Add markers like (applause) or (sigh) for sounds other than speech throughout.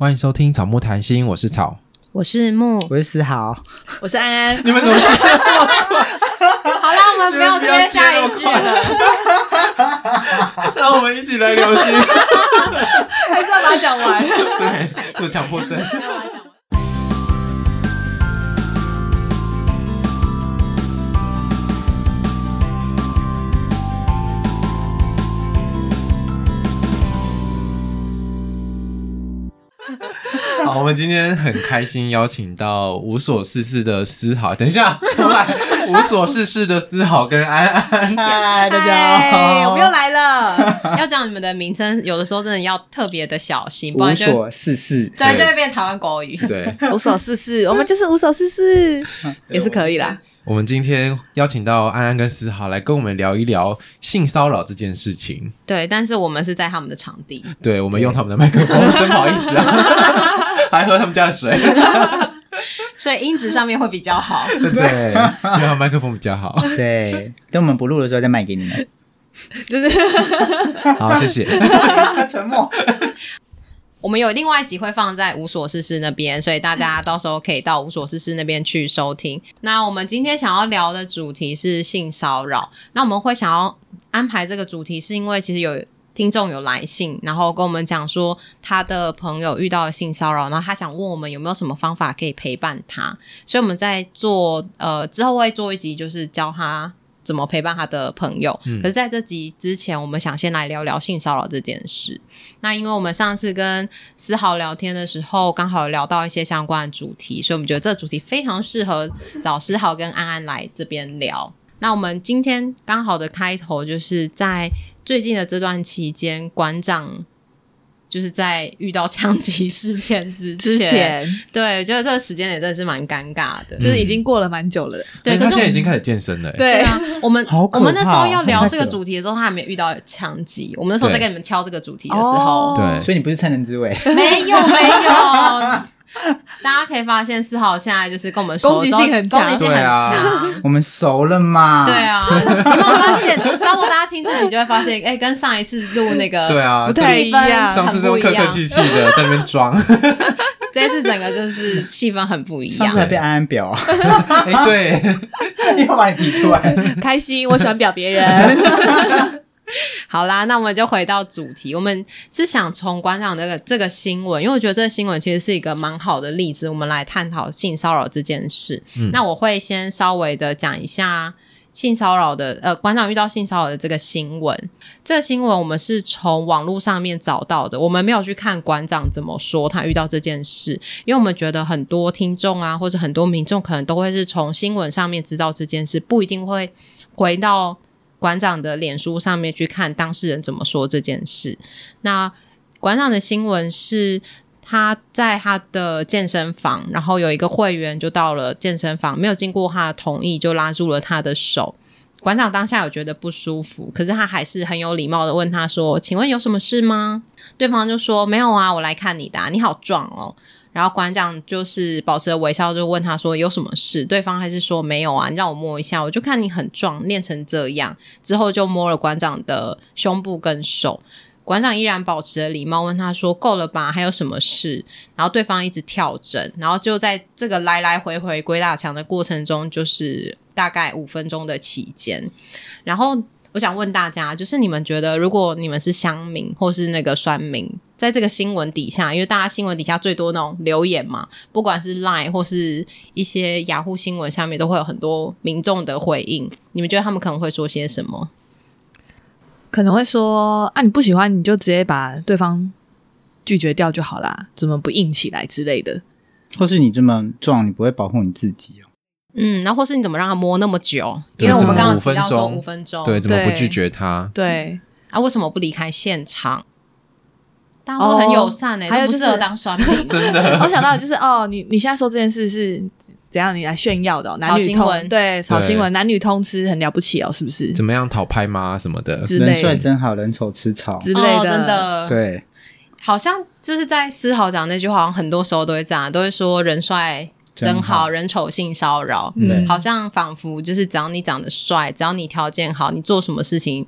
歡迎收聽《草木談心》，我是草，我是木，我是思豪，我是安安。 (laughs) 你們怎麼，接了那麼 (laughs) 好了？我們不要接下一句了。那 (laughs) (laughs) 讓我們一起來聊心， (laughs) (laughs) 還是要把它講完？ (laughs) 對，有強迫症。 (laughs) 我們今天很開心邀請到無所事事的思豪，等一下，出來無所事事的思豪跟安安， (laughs) Hi, Hi, 大家好，我們又來了。要講你們的名稱，有的時候真的要特別的小心，不然就，無所事事，對，對就會變台灣國語，對，無所事事，我們就是無所事事也是可以啦我。我們今天邀請到安安跟思豪來跟我們聊一聊性騷擾這件事情，對，但是我們是在他們的場地，對，我們用他們的麥克風，真不好意思啊。 (laughs) 還喝他們家的水， (laughs) (laughs) 所以音質上面會比較好。對，對，對， (laughs) 然後麥克風比較好。對，等我們不錄的時候再賣給你們。 (laughs) 真的。好，謝謝。 (laughs) (laughs) 沉默。我們有另外一集會放在無所事事那邊，所以大家到時候可以到無所事事那邊去收聽。嗯。那我們今天想要聊的主題是性騷擾。那我們會想要安排這個主題，是因為其實有。聽眾有來信，然後跟我們講說他的朋友遇到了性騷擾，然後他想問我們有沒有什麼方法可以陪伴他。所以我們在做呃之後會做一集，就是教他怎麼陪伴他的朋友。嗯。可是在這集之前，我們想先來聊聊性騷擾這件事。那因為我們上次跟思豪聊天的時候，剛好有聊到一些相關的主題，所以我們覺得這主題非常適合找思豪跟安安來這邊聊。那我們今天剛好的開頭就是在。最近的這段期間，館長就是在遇到槍擊事件之前之前，對，我覺得這個時間也真的是蠻尷尬的，就是已經過了蠻久了。對，可是，他現在已經開始健身了。對啊，我們、哦、我們那時候要聊這個主題的時候，他，他還沒遇到槍擊。我們那時候在跟你們敲這個主題的時候，對，所以你不是趁人之危？沒有，沒有。 (laughs) 大家可以發現，思豪現在就是跟我們說攻擊性攻擊性很強。很強啊、 (laughs) 我們熟了嘛？對啊，你有沒有發現？ (laughs) 當時大家聽自己就會發現，哎、欸，跟上一次錄那個對啊，不太一樣，上次都客客氣氣的在那邊裝， (laughs) 這次整個就是氣氛很不一樣。上次還被安安表， (laughs) 欸、對， (laughs) 又把你提出來，開心，我喜歡表別人。 (laughs) 好啦，那我們就回到主題。我們是想從館長這個這個新聞，因為我覺得這個新聞其實是一個蠻好的例子，我們來探討性騷擾這件事。嗯。那我會先稍微的講一下性騷擾的，呃，館長遇到性騷擾的這個新聞。這個新聞我們是從網絡上面找到的，我們沒有去看館長怎麼說他遇到這件事，因為我們覺得很多聽眾啊，或者很多民眾可能都會是從新聞上面知道這件事，不一定會回到。館長的臉書上面去看當事人怎麼說這件事。那館長的新聞是他在他的健身房，然後有一個會員就到了健身房，沒有經過他的同意就拉住了他的手。館長當下有覺得不舒服，可是他還是很有禮貌的問他說：“請問有什麼事嗎？”對方就說：“沒有啊，我來看你的啊，你好壯哦。”然後館長就是保持了微笑，就問他說：“有什麼事？”對方還是說：“沒有啊，讓我摸一下。”我就看你很壯，練成這樣，之後就摸了館長的胸部跟手。館長依然保持了禮貌，問他說：“夠了吧？還有什麼事？”然後對方一直跳針，然後就在這個來來回回鬼打牆的過程中，就是大概五分鐘的期間，然後。我想問大家，就是你們覺得，如果你們是鄉民或是那個酸民，在這個新聞底下，因為大家新聞底下最多那種留言嘛，不管是 Line 或是一些 Yahoo 新聞下面，都會有很多民眾的回應。你們覺得他們可能會說些什麼？可能會說啊，你不喜歡你就直接把對方拒絕掉就好啦，怎麼不硬起來之類的？或是你這麼壯，你不會保護你自己哦。嗯，然、啊、或是你怎麼讓他摸那麼久？因為我們剛剛對，剛剛提到說五分鐘，對，怎麼不拒絕他？對，嗯、啊，為什麼不離開現場？哦、當然很友善誒、欸，還、就是、不適合當雙面， (laughs) 真的。我想到就是哦，你你現在說這件事是怎樣？你來炫耀的？、哦嗯？男女通，對，炒新聞，男女通吃，很了不起哦，是不是？怎麼樣討拍嗎什麼的之類的，人帥真好，人醜吃草之類的、哦，真的。對，好像就是在思豪講那句話，好像很多時候都會這樣，都會說人帥。真好，好人醜性騷擾，嗯，好像仿佛就是只要你長得帥，只要你條件好，你做什麼事情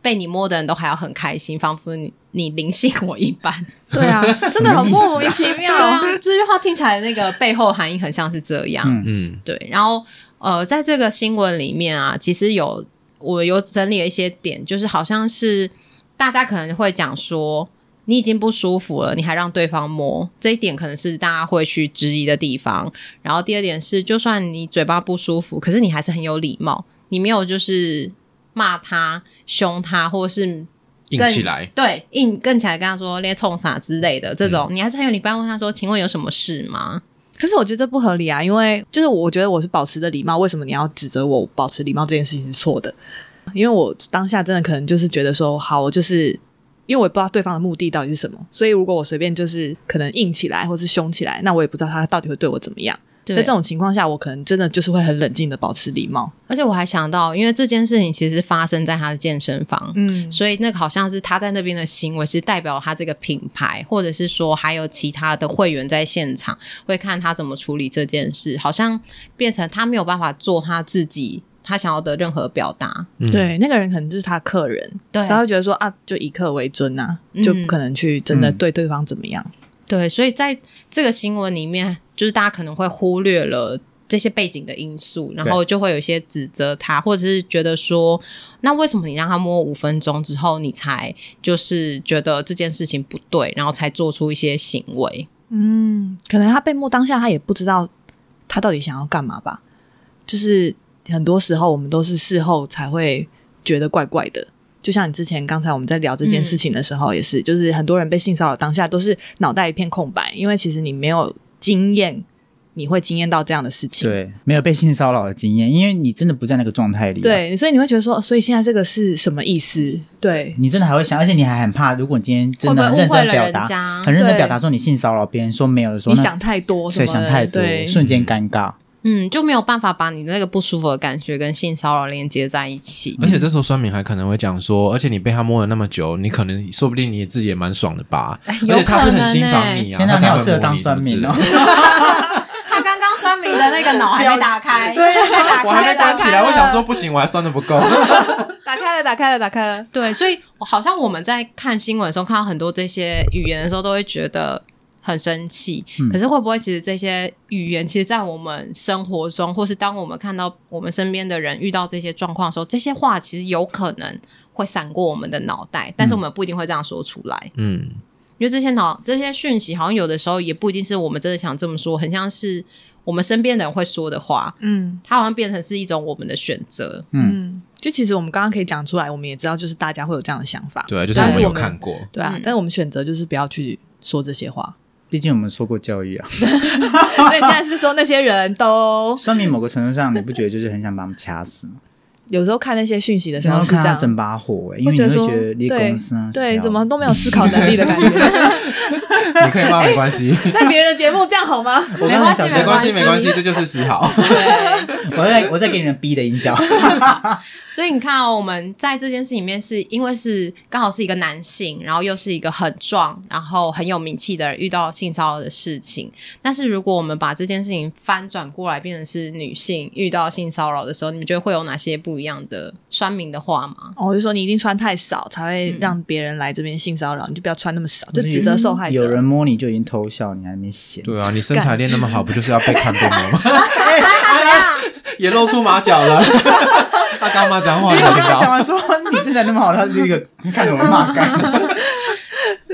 被你摸的人都還要很開心，仿佛你你臨幸我一般。 (laughs) 對啊，真的、啊、很莫名其妙、啊 (laughs) 啊。這句話聽起來那個背後含義很像是這樣。嗯，對。然後呃，在這個新聞裡面啊，其實有我有整理了一些點，就是好像是大家可能會講說。你已經不舒服了，你還讓對方摸，這一點可能是大家會去質疑的地方。然後第二點是，就算你嘴巴不舒服，可是你還是很有禮貌，你沒有就是罵他、兇他，或者是硬起來，對，硬更起來跟他說，連衝啥之類的這種、嗯，你還是很有禮貌。問他說，請問有什麼事嗎？可是我覺得不合理啊，因為就是我覺得我是保持著禮貌，為什麼你要指責我保持禮貌這件事情是錯的？因為我當下真的可能就是覺得說，好，我就是。因為我不知道對方的目的到底是什麼，所以如果我隨便就是可能硬起來或是凶起來，那我也不知道他到底會對我怎麼樣。在這種情況下，我可能真的就是會很冷靜的保持禮貌。而且我還想到，因為這件事情其實發生在他的健身房，嗯，所以那個好像是他在那邊的行為，是代表他這個品牌，或者是說還有其他的會員在現場，會看他怎麼處理這件事，好像變成他沒有辦法做他自己。他想要的任何表達、嗯，對那個人可能就是他客人，對，所以他會覺得說啊，就以客為尊吶、啊嗯，就不可能去真的對對方怎麼樣、嗯。對，所以在這個新聞裡面，就是大家可能會忽略了這些背景的因素，然後就會有一些指責他，或者是覺得說，那為什麼你讓他摸五分鐘之後，你才就是覺得這件事情不對，然後才做出一些行為？嗯，可能他被摸當下，他也不知道他到底想要幹嘛吧，就是。很多時候，我們都是事後才會覺得怪怪的。就像你之前剛才我們在聊這件事情的時候，嗯、也是，就是很多人被性騷擾，當下都是腦袋一片空白，因為其實你沒有經驗，你會經驗到這樣的事情。對，沒有被性騷擾的經驗，因為你真的不在那個狀態裡、啊。對，所以你會覺得說，所以現在這個是什麼意思？對，對你真的還會想，而且你還很怕，如果你今天真的很認真表達，很認真表達說你性騷擾別人，說沒有的時候，你想太多，所以想太多，瞬間尷尬。嗯嗯，就沒有辦法把你那個不舒服的感覺跟性騷擾連接在一起。而且這時候，酸民還可能會講說，而且你被他摸了那麼久，你可能說不定你自己也蠻爽的吧？因、欸、為、欸、他是很欣賞你啊，天啊，他很欣、啊、當酸民哦。是是 (laughs) (laughs) 他剛剛酸民的那個腦還沒打開，對、啊，還，打開我還沒起來打開我還沒起來我想說不行，我還酸的不夠。 (laughs) 打開了，打開了，打開了。對，所以好像我們在看新聞的時候，看到很多這些語言的時候，都會覺得。很生氣、嗯，可是會不會其實這些語言，其實，在我們生活中，或是當我們看到我們身邊的人遇到這些狀況的時候，這些話其實有可能會閃過我們的腦袋，但是我們不一定會這樣說出來。嗯，因為這些腦這些訊息，好像有的時候也不一定是我們真的想這麼說，很像是我們身邊的人會說的話。嗯，它好像變成是一種我們的選擇、嗯。嗯，就其實我們剛剛可以講出來，我們也知道，就是大家會有這樣的想法。對，就是我們有看過。對啊，但是我們選擇就是不要去說這些話。畢竟我們受過教育啊 (laughs) 所以現在是說那些人都 (laughs) 說明某個程度上，你不覺得就是很想把他們掐死嗎？有時候看那些訊息的時候是這樣，整把火、欸、因為你會覺得對你對,對，怎麼都沒有思考能力的感覺， (laughs) (laughs) 你可以發沒關係，欸、在別人的節目這樣好嗎？沒關係沒關係,沒關係,沒,關係沒關係，這就是思豪。 (laughs) 對。 (laughs) 我在我在給你們逼的音效 (laughs) 所以你看、哦，我們在這件事裡面是因為是剛好是一個男性，然後又是一個很壯，然後很有名氣的人遇到性騷擾的事情。但是如果我們把這件事情翻轉過來，變成是女性遇到性騷擾的時候，你們覺得會有哪些不一樣？一一樣的酸民的話嘛，我、哦、就說你一定穿太少才會讓別人來這邊性騷擾、嗯，你就不要穿那麼少，就指責受害者。有人摸你就已經偷笑，你還沒嫌。對啊，你身材練那麼好，不就是要被看病了嗎？ (laughs) (laughs) (laughs) (laughs) 也露出馬腳了。他幹嘛講話，講完說你身材那麼好，他是一個 (laughs) 你看什麼罵幹。 (laughs)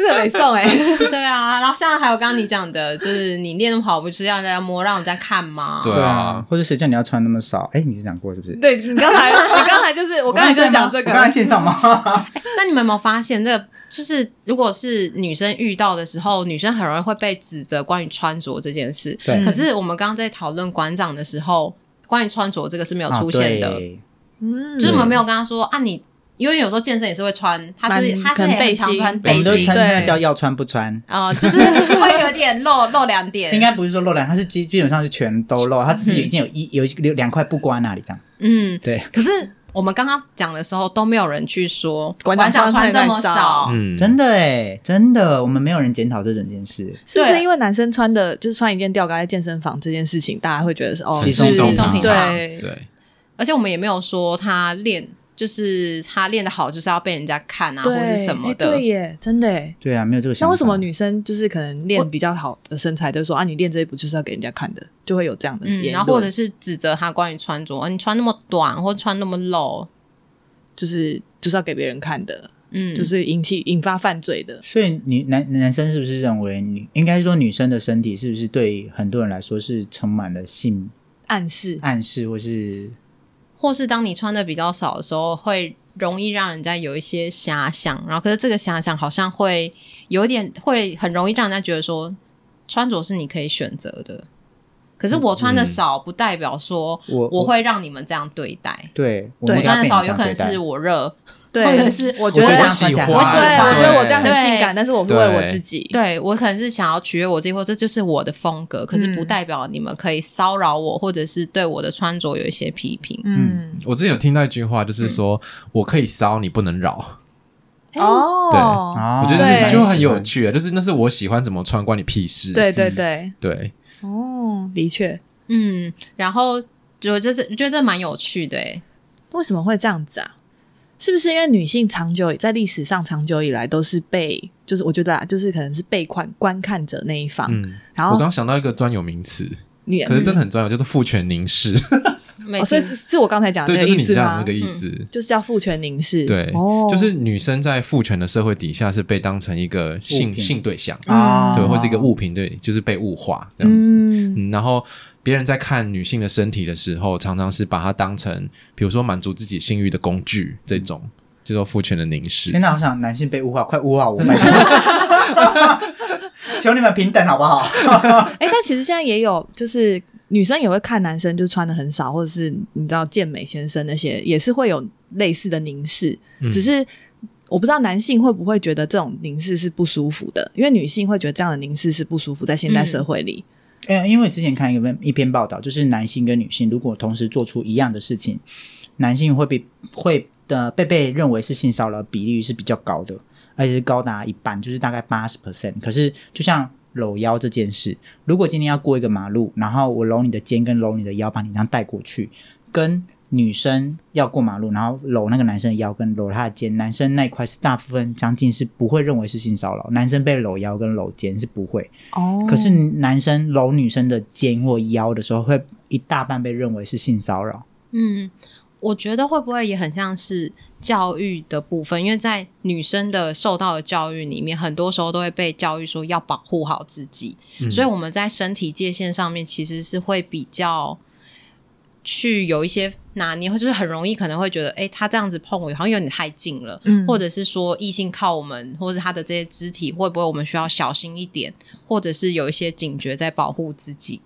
特別瘦哎，對啊，然後像還有剛剛你講的，就是你練跑步不是要讓大家摸，讓我在看嗎？對啊，或者誰叫你要穿那麼少？哎、欸，你是講過是不是？對，你剛才 (laughs) 你剛才就是我剛才就是講這個，剛才線上嗎，嗎 (laughs) (laughs) 欸？那你們有沒有發現，這個就是如果是女生遇到的時候，女生很容易會被指責關於穿着這件事。對，可是我們剛剛在討論館長的時候，關於穿着這個是沒有出現的，啊、對嗯，就是我們沒有跟他說啊，你。因為有時候健身也是會穿，他是,是他是背心，穿背心，我們都穿那叫要穿不穿啊、呃，就是會有點露露兩點。 (laughs) 應該不是說露兩，他是基基本上是全都露，他只是有一件有一有兩塊布關那裡這樣。嗯，對。可是我們剛剛講的時候都沒有人去說，館長穿這麼少穿太太少，嗯，真的誒、欸、真的，我們沒有人檢討這整件事，是不是因為男生穿的就是穿一件吊帶在健身房這件事情，大家會覺得是哦，稀鬆平常，對。而且我們也沒有說他練。就是他練的好，就是要被人家看啊，或是什麼的，欸、對耶，真的，對啊，沒有這個想法。那為什麼女生就是可能練比較好的身材就，都說啊，你練這一步就是要給人家看的，就會有這樣的、嗯。然後或者是指責他關於穿着，你穿那麼短或穿那麼露，就是就是要給別人看的，嗯，就是引起引發犯罪的。所以女男男生是不是認為你，你應該說女生的身體是不是對很多人來說是充滿了性暗示、暗示或是？或是當你穿的比較少的時候，會容易讓人家有一些遐想，然後可是這個遐想好像會有點，會很容易讓人家覺得說，穿着是你可以選擇的。可是我穿的少，不代表說我會讓你們這樣對待。我我對，對我穿的少，有可能是我熱，或者是我覺得這樣很，對，我覺得我這樣很性感，但是我是為了我自己。對我可能是想要取悅我自己，或者這就是我的風格。可是不代表你們可以騷擾我，或者是對我的穿着有一些批評，嗯。嗯，我之前有聽到一句話，就是說、嗯、我可以騷，你不能擾。哦、欸，對，oh, 我覺得就很有趣啊！就是那是我喜歡怎麼穿，關你屁事。對對對、嗯、對。哦，的確，嗯，然後我就這覺得這蠻有趣的，為什麼會這樣子啊？是不是因為女性長久在歷史上長久以來都是被，就是我覺得啊，就是可能是被款觀，觀看者那一方。嗯，然後我剛想到一個專有名詞，嗯，可是真的很專有，就是父權凝視。 (laughs) 哦、所以是是我剛才講的，就是你知道那個意思就是叫父權凝視，對，oh. 就是女生在父權的社會底下是被當成一個性性對象啊，嗯，對，或者一個物品，對，就是被物化這樣子。嗯嗯，然後別人在看女性的身體的時候，常常是把它當成，比如說滿足自己性欲的工具，這種叫做、嗯、父權的凝視。天哪，我想男性被物化，快物化我吧！ (laughs) (laughs) 求你們平等好不好？哎、 (laughs) 欸，但其實現在也有就是。女生也會看男生，就是穿得很少，或者是你知道健美先生那些，也是會有類似的凝視。嗯。只是我不知道男性會不會覺得這種凝視是不舒服的，因為女性會覺得這樣的凝視是不舒服，在現代社會裡。哎、嗯，因為之前看一一篇報道，就是男性跟女性如果同時做出一樣的事情，男性會被會的被被認為是性騷擾，比例是比較高的，而且是高達一半，就是大概八十 percent。可是就像。摟腰這件事，如果今天要過一個馬路，然後我摟你的肩跟摟你的腰，把你這樣帶過去，跟女生要過馬路，然後摟那個男生的腰跟摟他的肩，男生那一塊是大部分將近是不會認為是性騷擾，男生被摟腰跟摟肩是不會哦，可是男生摟女生的肩或腰的時候，會一大半被認為是性騷擾。嗯，我覺得會不會也很像是？教育的部分，因為在女生的受到的教育裡面，很多時候都會被教育說要保護好自己，嗯，所以我們在身體界限上面其實是會比較去有一些拿捏，或就是很容易可能會覺得，誒、欸，他這樣子碰我，好像有點太近了，嗯，或者是說異性靠我們，或是他的這些肢體會不會我們需要小心一點，或者是有一些警覺在保護自己。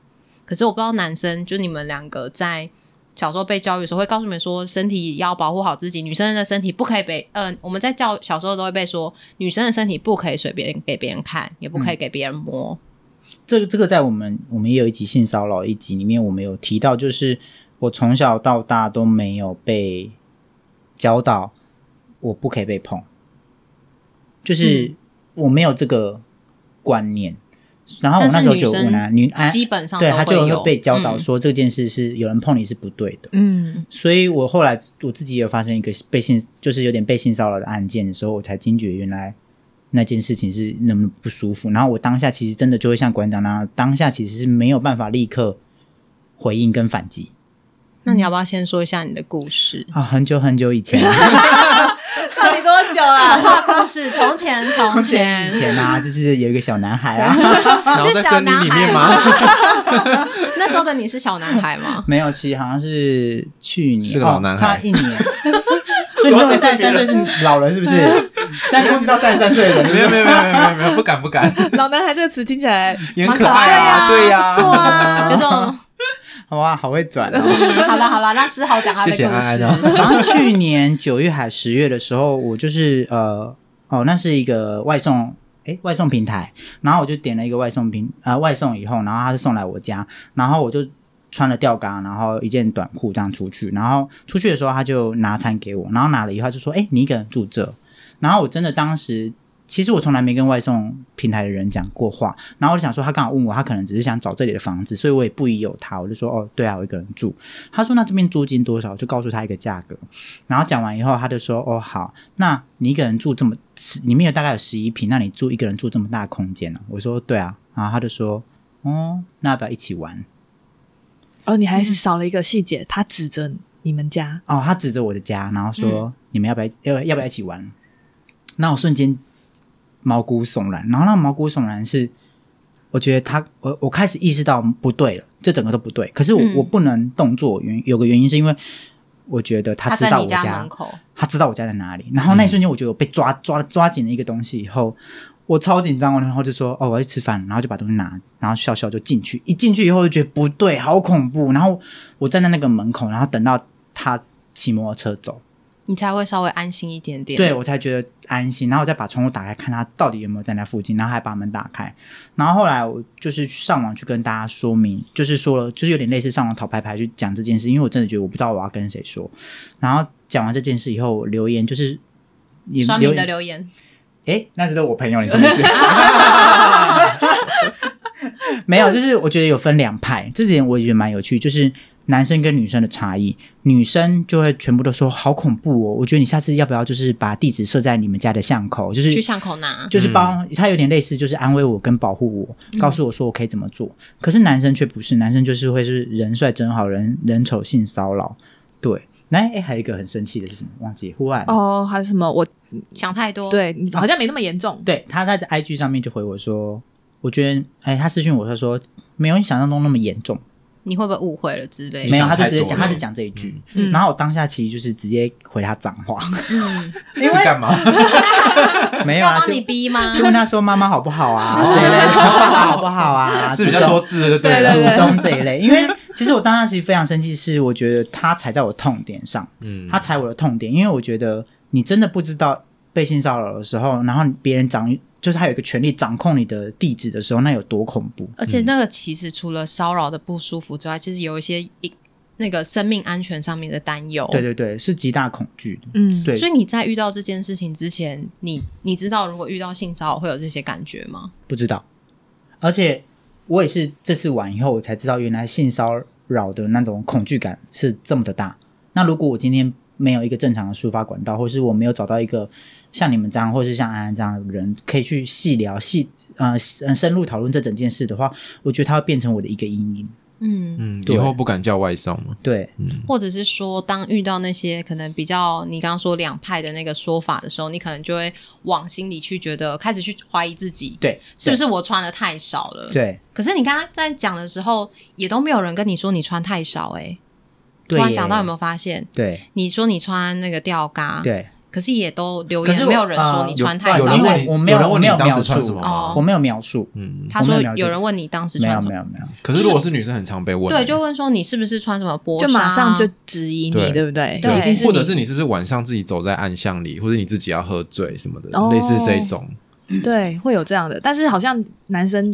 可是我不知道男生，就你們兩個在。小時候被教育的時候，會告訴你們說，身體要保護好自己。女生的身體不可以被……嗯、呃，我們在教育小時候都會被說，女生的身體不可以隨便給別人看，也不可以給別人摸。嗯、這，這個這個，在我們我們也有一集性騷擾一集裡面，我們有提到，就是我從小到大都沒有被教導我不可以被碰，就是、嗯、我沒有這個觀念。然後我那時候就呢，你基本上有、啊、對他就會被教導說這件事是有人碰你是不對的，嗯，所以我後來我自己也發生一個被性就是有點被性騷擾的案件的時候，我才驚覺原來那件事情是那麼不舒服。然後我當下其實真的就會像館長那樣，當下其實是沒有辦法立刻回應跟反擊。那你要不要先說一下你的故事啊？很久很久以前。 (laughs) 啊，畫故事，從前，從前，以前，前啊，就是有一個小男孩啊， (laughs) 是小男孩嗎？ (laughs) 那時候的你是小男孩嗎？沒有，其實，好像是去年，是個老男孩，差、哦、一年，所 (laughs) 以 (laughs) 三十三歲是老人是不是？ (laughs) 三十歲到三十三歲的，沒有，沒有，沒有，沒有，沒有，不敢，不敢。 (laughs) 老男孩這個詞聽起來也很可愛啊，愛啊對呀、啊，對啊不錯啊， (laughs) 有這種。哇，好會轉哦！ (laughs) 好啦好啦，那思豪講他的故事。謝謝 (laughs) 然後去年九月還十月的時候，我就是呃，哦，那是一個外送，誒，外送平台。然後我就點了一個外送平，呃，外送以後，然後他就送來我家。然後我就穿了吊嘎，然後一件短褲這樣出去。然後出去的時候，他就拿餐給我，然後拿了以後他就說：“誒，你一個人住這？”然後我真的當時。其實我從來沒跟外送平台的人講過話，然後我就想說，他剛好問我，他可能只是想找這裡的房子，所以我也不疑有他。我就說，哦，對啊，我一個人住。他說，那這邊租金多少？就告訴他一個價格。然後講完以後，他就說，哦，好，那你一個人住這麼，裡面有大概有十一平，那你住一個人住這麼大空間呢、啊？我說，對啊。然後他就說，哦，那要不要一起玩？哦，你還是少了一個細節，嗯、他指着你們家哦，他指着我的家，然後說，嗯、你們要不要要要不要一起玩？那我瞬間。毛骨悚然，然後那毛骨悚然是，我覺得他，我我開始意識到不對了，這整個都不對。可是我、嗯、我不能動作，原有個原因是因為我覺得他知道我家，他，在你家門口他知道我家在哪裡。然後那一瞬間，我覺得我被抓抓抓緊了一個東西，以後、嗯、我超緊張，然後就說，哦，我要去吃飯，然後就把東西拿，然後笑笑就進去。一進去以後就覺得不對，好恐怖。然後我站在那個門口，然後等到他騎摩托車走。你才會稍微安心一點點，對，我才覺得安心。然後我再把窗戶打開，看他到底有沒有在那附近。然後還把門打開。然後後來我就是上網去跟大家說明，就是說了，就是有點類似上網討拍拍去講這件事，因為我真的覺得我不知道我要跟誰說。然後講完這件事以後，我留言就是你刷你的留言，哎，那這都是我朋友，你說你自己 (laughs) (laughs) (laughs) 沒有？就是我覺得有分兩派，這點我也覺得蠻有趣，就是。男生跟女生的差異，女生就會全部都說好恐怖哦！我覺得你下次要不要就是把地址設在你們家的巷口，就是去巷口拿，就是幫、嗯、他有點類似，就是安慰我跟保護我，告訴我說我可以怎麼做。嗯、可是男生卻不是，男生就是會就是人帥真好，人，人醜性騷擾。對，男、欸、還有一個很生氣的是什麼？忘記戶外哦，還有什麼？我想太多，對、啊、你好像沒那麼嚴重。對他在 IG 上面就回我說，我覺得哎、欸，他私訊我他說沒有你想象中那麼嚴重。你會不會誤會了之類的？沒有，他就直接講，他就講這一句，嗯。然後我當下其實就是直接回他髒話，嗯，因為是幹嘛？ (laughs) 沒有啊，幫你逼嗎，就跟他說：“媽媽好不好啊？”哦，這一類，爸爸好不好啊？祖、哦、宗比較多字的就對了，對對對，祖宗這一類。因為其實我當下其實非常生氣，是我覺得他踩在我的痛點上，嗯，他踩我的痛點，因為我覺得你真的不知道。被性騷擾的時候，然後別人掌就是他有一個權利掌控你的地址的時候，那有多恐怖？而且那個其實除了騷擾的不舒服之外，其、嗯、實、就是、有一些一那個生命安全上面的擔憂。對對對，是極大恐懼。嗯，對。所以你在遇到這件事情之前，你你知道如果遇到性騷擾會有這些感覺嗎？不知道。而且我也是這次完以後，我才知道原來性騷擾的那種恐懼感是這麼的大。那如果我今天沒有一個正常的抒發管道，或是我沒有找到一個。像你們這樣，或是像安安這樣的人，可以去細聊、細呃、深入討論這整件事的話，我覺得它會變成我的一個陰影。嗯嗯，以後不敢叫外送嘛？對，對、嗯，或者是說，當遇到那些可能比較你剛剛說兩派的那個說法的時候，你可能就會往心裡去，覺得開始去懷疑自己對，對，是不是我穿的太少了？對，可是你剛剛在講的時候，也都沒有人跟你說你穿太少。欸，哎、欸，突然想到，有沒有發現？對，你說你穿那個吊嘎，對。可是也都留言是，沒有人說你穿太少、呃。有人我沒有，有人問你當時穿什麼我沒有描述。嗯，他說有人問你當時穿什麼沒有、嗯、沒有沒有。可是如果是女生，很常被問、就是嗯。對，就問說你是不是穿什麼薄？就馬上就質疑你，對不對？對，對，或者是你是不是晚上自己走在暗巷裡，或者你自己要喝醉什麼的，哦、類似這種。對，會有這樣的，但是好像男生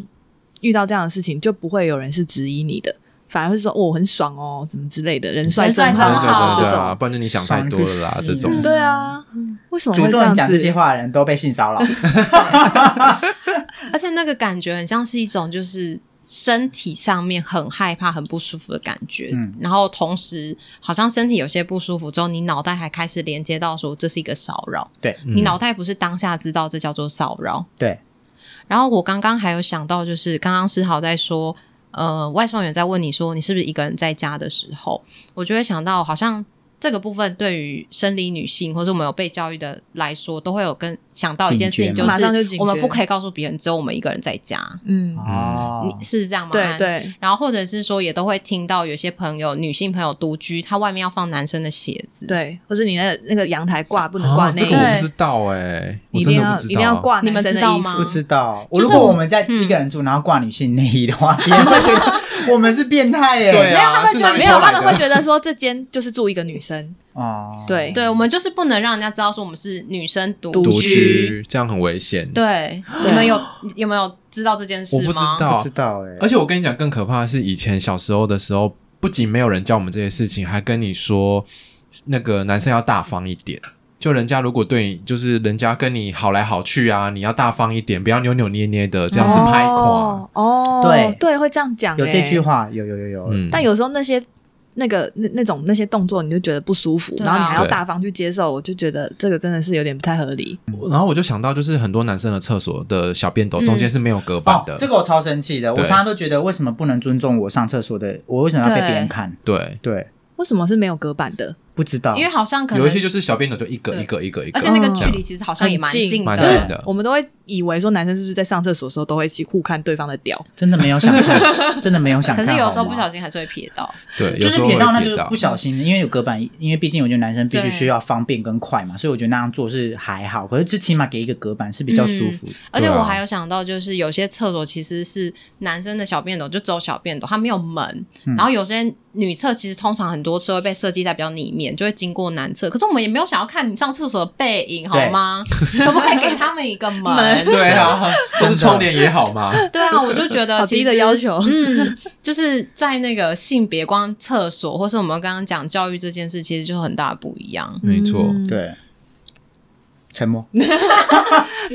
遇到這樣的事情，就不會有人是質疑你的。反而會說我、哦、很爽哦，什麼之類的，人帥真好，人帥真的好，對對對啊，不然就你想太多了啦，就是、這種、嗯、對啊、嗯，為什麼會這樣主動講這些話的人都被性騷擾？ (laughs) 對 (laughs) 而且那個感覺很像是一種，就是身體上面很害怕、很不舒服的感覺。嗯、然後同時好像身體有些不舒服之後，你腦袋還開始連接到說這是一個騷擾。對，嗯、你腦袋不是當下知道這叫做騷擾。對，然後我剛剛還有想到，就是剛剛思豪在說。呃，外送員在問你說你是不是一個人在家的時候，我就會想到好像。這個部分對於生理女性或是我們有被教育的來說，都會有跟想到一件事情，就是馬上就我們不可以告訴別人，只有我們一個人在家。嗯，啊、你是這樣嗎？對對。然後或者是說，也都會聽到有些朋友女性朋友獨居，她外面要放男生的鞋子，對，或者你的、那個、那個陽台掛不能掛內衣、啊。這個我不知道哎、欸，一定要一定要掛男生的衣服、你們知道嗎？不知道，就是、我,我如果我們在一個人住、嗯，然後掛女性內衣的話，他、就、們、是、會覺得我們是變態、欸、 (laughs) 對、啊。沒有、啊啊，他們覺沒有，他們會覺得說這間就是住一個女性。 (laughs) 哦、嗯，對對，我們就是不能讓人家知道說我們是女生獨獨居，這樣很危險。對，對、啊，你們有有沒有知道這件事嗎？我不知道，不知道哎、欸。而且我跟你講，更可怕的是，以前小時候的時候，不僅沒有人教我們這些事情，還跟你說，那個男生要大方一點。就人家如果對你，就是人家跟你好來好去啊，你要大方一點，不要扭扭捏捏，捏的，這樣子拍垮、哦。哦，對對，會這樣講、欸，有這句話，有有有有。嗯、但有時候那些。那個那那種那些動作你就覺得不舒服，然後你還要大方去接受，我就覺得這個真的是有點不太合理。然後我就想到，就是很多男生的廁所的小便斗中間、嗯、是沒有隔板的，哦、這個我超生氣的。我常常都覺得，為什麼不能尊重我上廁所的？我為什麼要給別人看？對對,對，為什麼是沒有隔板的？不知道，因為好像可能有一些就是小便斗就一個一個一個一個，而且那個距離其實好像也蠻近的,、嗯近對近的對。我們都會以為說男生是不是在上廁所的時候都會去互看對方的屌，真的沒有想，真的沒有想, (laughs) 沒有想。可是有時候不小心還是會撇到，對，就是撇到那就是不小心，嗯、因為有隔板，因為畢竟我覺得男生必須需要方便跟快嘛，所以我覺得那樣做是還好。可是最起碼給一個隔板是比較舒服。嗯、而且我還有想到，就是有些廁所其實是男生的小便斗就只有小便斗，他沒有門，嗯、然後有些女廁其實通常很多車會被設計在比較裡面。就會經過男廁，可是我們也沒有想要看你上廁所的背影，好嗎？可不可以給他們一個門？ (laughs) 對啊， (laughs) 是窗簾也好嘛。 (laughs) 對啊，我就覺得低的要求， (laughs) 嗯，就是在那個性別光廁所，或是我們剛剛講教育這件事，其實就很大不一樣。嗯、沒錯，對。沉默。 (laughs) 你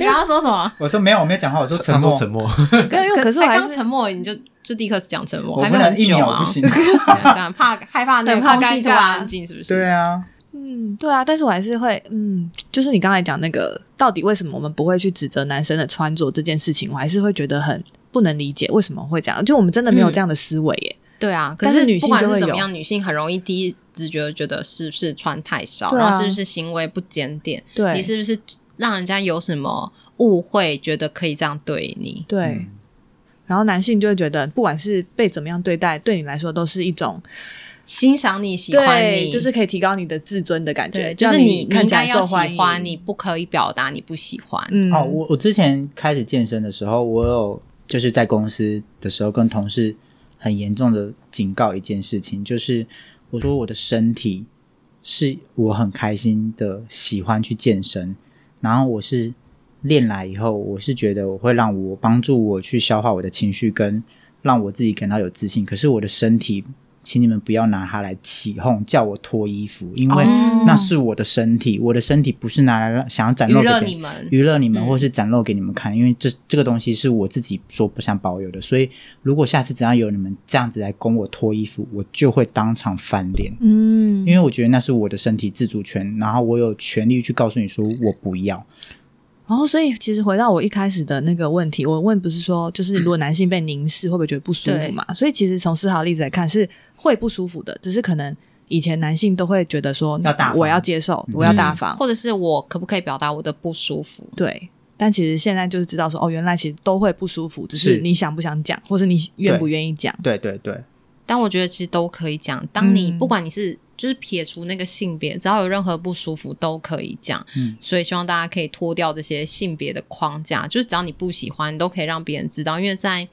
剛剛說什麼？我說沒有，我沒有講話。我說沉默，沉默。沒有，可是我還是、哎、剛沉默你就就立刻是講沉默，我不能一秒鐘、啊 (laughs) 啊。怕害怕那個空氣突然安靜是不是？對啊，嗯，對啊。但是我還是會，嗯，就是你剛才講那個，到底為什麼我們不會去指責男生的穿着這件事情，我還是會覺得很不能理解，為什麼會這樣？就我們真的沒有這樣的思維耶。嗯對啊，可是不管是怎麼樣，女性，女性很容易第一直覺覺得是不是穿太少，啊，然後是不是行為不檢點。對，你是不是讓人家有什麼誤會，覺得可以這樣對你？對。嗯、然後男性就會覺得，不管是被怎麼樣對待，對你來說都是一種欣賞，你喜歡你，就是可以提高你的自尊的感覺。對就，就是你更加要喜歡，你不可以表達你不喜歡。嗯，哦，我我之前開始健身的時候，我有就是在公司的時候跟同事。很嚴重的警告一件事情，就是我說我的身體是我很開心的喜歡去健身，然後我是練來以後，我是覺得我會讓我幫助我去消化我的情緒，跟讓我自己感到有自信。可是我的身體。請你們不要拿它來起哄，叫我脫衣服，因為那是我的身體。哦、我的身體不是拿來想要展露給，給你們娛樂你們，或是展露給你們看，嗯、因為這這個東西是我自己說不想保有的。所以，如果下次只要有你們這樣子來供我脫衣服，我就會當場翻臉。嗯，因為我覺得那是我的身體自主權，然後我有權利去告訴你說我不要。嗯。然、哦、後，所以其實回到我一開始的那個問題，我問不是說，就是如果男性被凝視，會不會覺得不舒服嘛？所以其實從思豪例子來看，是會不舒服的，只是可能以前男性都會覺得說，要大我要接受，嗯，我要大方，或者是我可不可以表達我的不舒服？對，但其實現在就是知道說，哦，原來其實都會不舒服，只是你想不想講，或者你願不願意講？對對，對對對。但我覺得其實都可以講，當你不管你是，嗯。就是撇除那個性別，只要有任何不舒服都可以講。嗯，所以希望大家可以脫掉這些性別的框架，就是只要你不喜歡，你都可以讓別人知道。因為在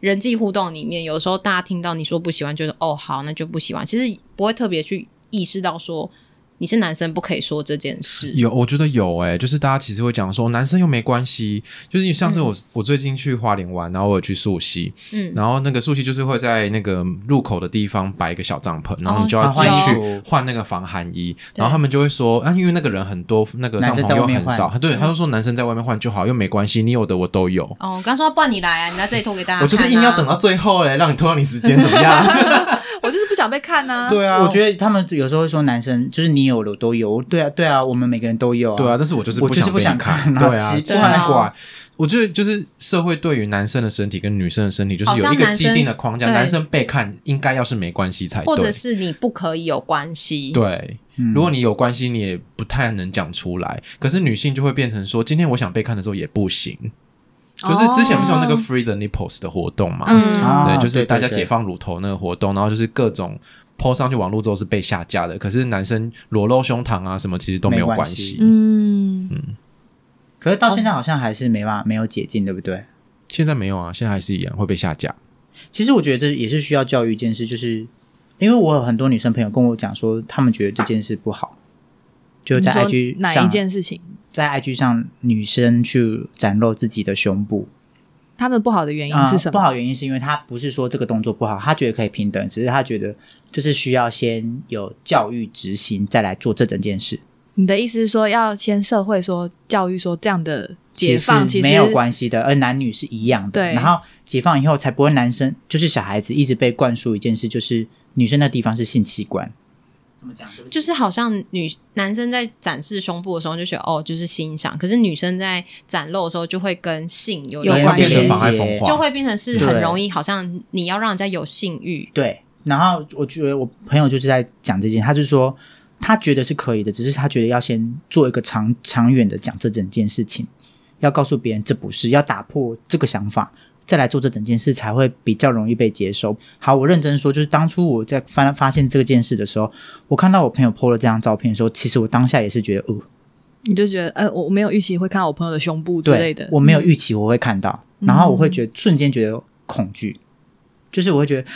人際互動裡面，有時候大家聽到你說不喜歡，就是哦，好，那就不喜歡。其實不會特別去意識到說，你是男生不可以說這件事？有，我覺得有哎、欸，就是大家其實會講說男生又沒關係，就是你上次我、嗯、我最近去花蓮玩，然後我有去溯溪。嗯，然後那個溯溪就是會在那個入口的地方擺一個小帳篷，然後你就要進去換那個防寒衣，哦、然後他們就會說，啊，因為那個人很多，那個帳篷又很少，對，他就說男生在外面換就好，又沒關係，你有的我都有。哦，我剛說要抱你來啊，你來這裡脫給大家、啊，我就是硬要等到最後嘞，讓你拖到你時間怎麼樣？ (laughs) (laughs) 我就是不想被看吶、啊。對啊、哦，我覺得他們有時候會說男生就是你。你有都有對，啊，對啊，對啊，我們每個人都有，啊，對啊，但是我就是不想，我就是不想看，對啊，奇怪，啊，我覺得就是社會對於男生的身體跟女生的身體，就是有一個既定的框架，男生，男生被看應該要是沒關係才對，對，或者是你不可以有關係，對，嗯，如果你有關係，你也不太能講出來，可是女性就會變成說，今天我想被看的時候也不行，就是之前不是有那個 free the nipples 的活動嘛，哦嗯，對，就是大家解放乳頭那個活動，然後就是各種。Po 上去網絡之後是被下架的，可是男生裸露胸膛啊什麼其實都沒有關係，嗯，嗯，可是到現在好像還是沒辦法沒有解禁，哦，對不對？現在沒有啊，現在還是一樣會被下架。其實我覺得這也是需要教育一件事，就是因為我有很多女生朋友跟我講說，他們覺得這件事不好，啊，就在 IG 上哪一件事情，在 IG 上女生去展露自己的胸部。他們不好的原因是什麼？嗯，不好原因是因為他不是說這個動作不好，他覺得可以平等，只是他覺得這是需要先有教育執行再來做這整件事。你的意思是說要先社會說教育說這樣的解放其實是沒有關係的，而男女是一樣的。對，然後解放以後才不會男生就是小孩子一直被灌輸一件事，就是女生的地方是性器官。就是好像女男生在展示胸部的時候，就覺得哦，就是欣賞；可是女生在展露的時候，就會跟性有關，連接，就會變成是很容易，好像你要讓人家有性欲。對。然後我覺得我朋友就是在講這件，他就說他覺得是可以的，只是他覺得要先做一個長長遠的講這整件事情，要告訴別人這不是要打破這個想法。再來做這整件事才會比較容易被接受。好，我認真說，就是當初我在發、發現這件事的時候，我看到我朋友 PO 了這張照片的時候，其實我當下也是覺得，呃、哦，你就覺得，呃，我沒有預期會看到我朋友的胸部之類的，對，我沒有預期我會看到，嗯、然後我會覺得瞬間覺得恐懼，嗯、就是我會覺得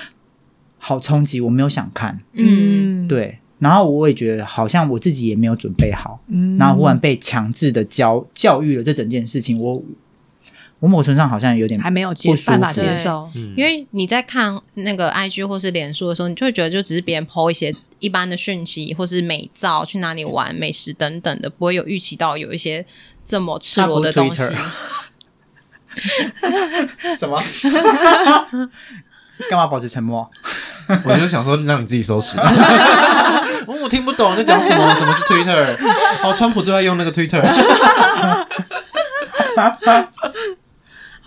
好衝擊，我沒有想看，嗯，對，然後我也覺得好像我自己也沒有準備好，嗯，然後忽然被強制的教教育了這整件事情，我。我某程度上好像有點還沒有接辦法接受、嗯，因為你在看那個 IG 或是臉書的時候，你就會覺得就只是別人 po 一些一般的訊息或是美照，去哪裡玩、美食等等的，不會有預期到有一些這麼赤裸的東西。推特 (laughs) (laughs) (laughs) 什麼？幹 (laughs) 嘛保持沉默？ (laughs) 我就想說讓你自己收拾。 (laughs) (laughs) 我聽不懂在講什麼？什麼是推特、？ (laughs) 哦、川普最愛用那個推特。 (laughs) (laughs)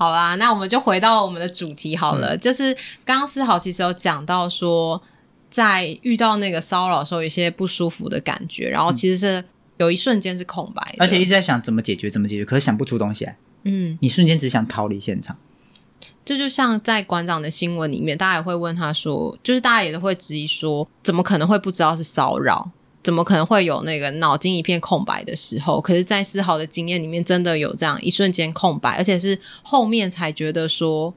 好啦，那我們就回到我們的主題好了。嗯、就是剛剛思豪其實有講到說，在遇到那個騷擾的時候，有一些不舒服的感覺，然後其實是有一瞬間是空白的、嗯，而且一直在想怎麼解決，怎麼解決，可是想不出東西來、啊。嗯，你瞬間只想逃離現場。這就像在館長的新聞裡面，大家也會問他說，就是大家也都會質疑說，怎麼可能會不知道是騷擾？怎麼可能會有那個腦筋一片空白的時候？可是，在思豪的經驗裡面，真的有這樣一瞬間空白，而且是後面才覺得說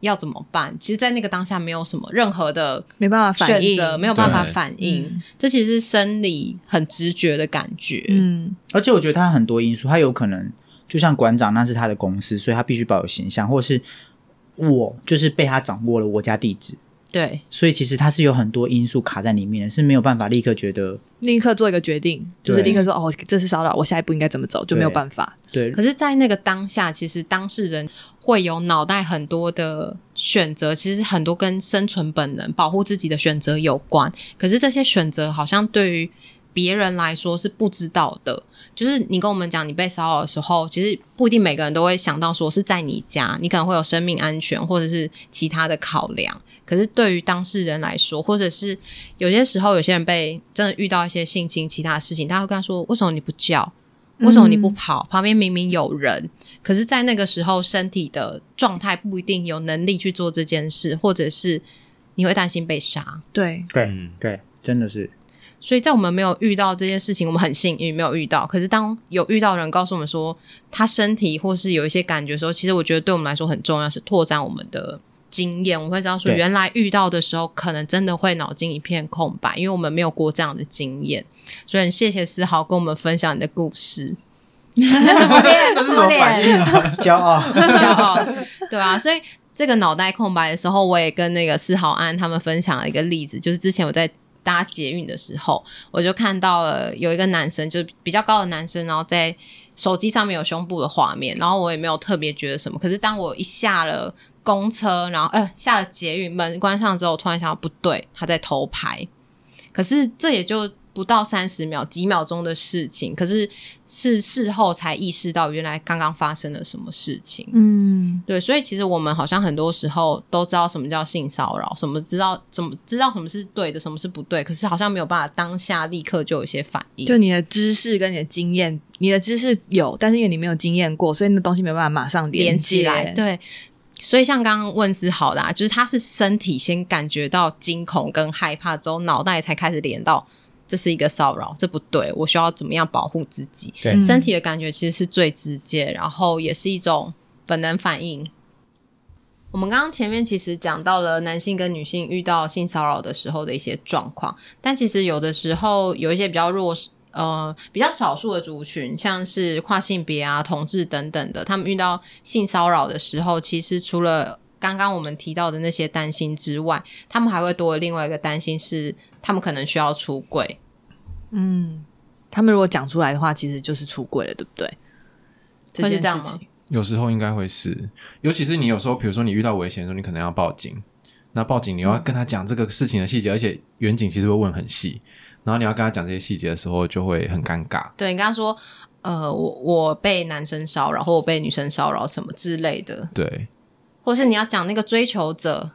要怎麼辦。其實，在那個當下，沒有什麼任何的沒辦法選擇，沒有辦法反應，對對、嗯，這其實是生理很直覺的感覺。嗯，而且我覺得他很多因素，他有可能就像館長，那是他的公司，所以他必須保有形象，或是我就是被他掌握了我家地址。對，所以其實它是有很多因素卡在裡面，是沒有辦法立刻覺得立刻做一個決定，就是立刻說哦，這是騷擾，我下一步應該怎麼走，就沒有辦法。對，對，可是，在那個當下，其實當事人會有腦袋很多的選擇，其實很多跟生存本能、保護自己的選擇有關。可是這些選擇好像對於別人來說是不知道的。就是你跟我們講你被騷擾的時候，其實不一定每個人都會想到說是在你家，你可能會有生命安全或者是其他的考量。可是對於當事人來說，或者是有些時候，有些人被真的遇到一些性侵其他的事情，他會跟他說：“為什麼你不叫？為什麼你不跑？嗯、旁邊明明有人。”可是，在那個時候，身體的狀態不一定有能力去做這件事，或者是你會擔心被殺。對，對，對，真的是。所以在我們沒有遇到這件事情，我們很幸運沒有遇到。可是當有遇到人告訴我們說他身體或是有一些感覺的時候，其實我覺得對我們來說很重要，是拓展我們的。經驗，我會知道說，原來遇到的時候，可能真的會腦筋一片空白，因為我們沒有過這樣的經驗。所以，謝謝思豪跟我們分享你的故事。 (laughs) (laughs) (laughs) 什麼反應啊？驕 (laughs) 驕傲，驕 (laughs) 傲。對啊，所以，這個腦袋空白的時候，我也跟那個思豪安他們分享了一個例子，就是之前我在搭捷運的時候，我就看到了有一個男生，就是比較高的男生，然後在手機上面有胸部的畫面，然後我也沒有特別覺得什麼。可是，當我一下了。公車，然後呃，下了捷運門關上之後，突然想到不對，他在偷拍。可是這也就不到三十秒、幾秒鐘的事情。可是是事後才意識到，原來剛剛發生了什麼事情。嗯，對。所以其實我們好像很多時候都知道什麼叫性騷擾，什麼知道怎麼知道什麼是對的，什麼是不對。可是好像沒有辦法當下立刻就有一些反應。就你的知識跟你的經驗，你的知識有，但是因為你沒有經驗過，所以那東西沒辦法馬上連起來。對。所以，像剛剛問思豪的、啊，就是他是身體先感覺到驚恐跟害怕，之後腦袋才開始連到這是一個騷擾，這不對，我需要怎麼樣保護自己？對，身體的感覺其實是最直接，然後也是一種本能反應。我們剛剛前面其實講到了男性跟女性遇到性騷擾的時候的一些狀況，但其實有的時候有一些比較弱勢。呃，比較少數的族群，像是跨性別啊、同志等等的，他們遇到性騷擾的時候，其實除了剛剛我們提到的那些擔心之外，他們還會多另外一個擔心是，他們可能需要出櫃。嗯，他們如果講出來的話，其實就是出櫃了，對不對？會是這樣嗎？有時候應該會是，尤其是你有時候，比如說你遇到危險的時候，你可能要報警。那報警你要跟他講這個事情的細節。嗯，而且員警其實會問很細。然後你要跟他講這些細節的時候，就會很尷尬。對，你跟他說，呃，我我被男生騷擾，或我被女生騷擾，什麼之類的。對，或是你要講那個追求者，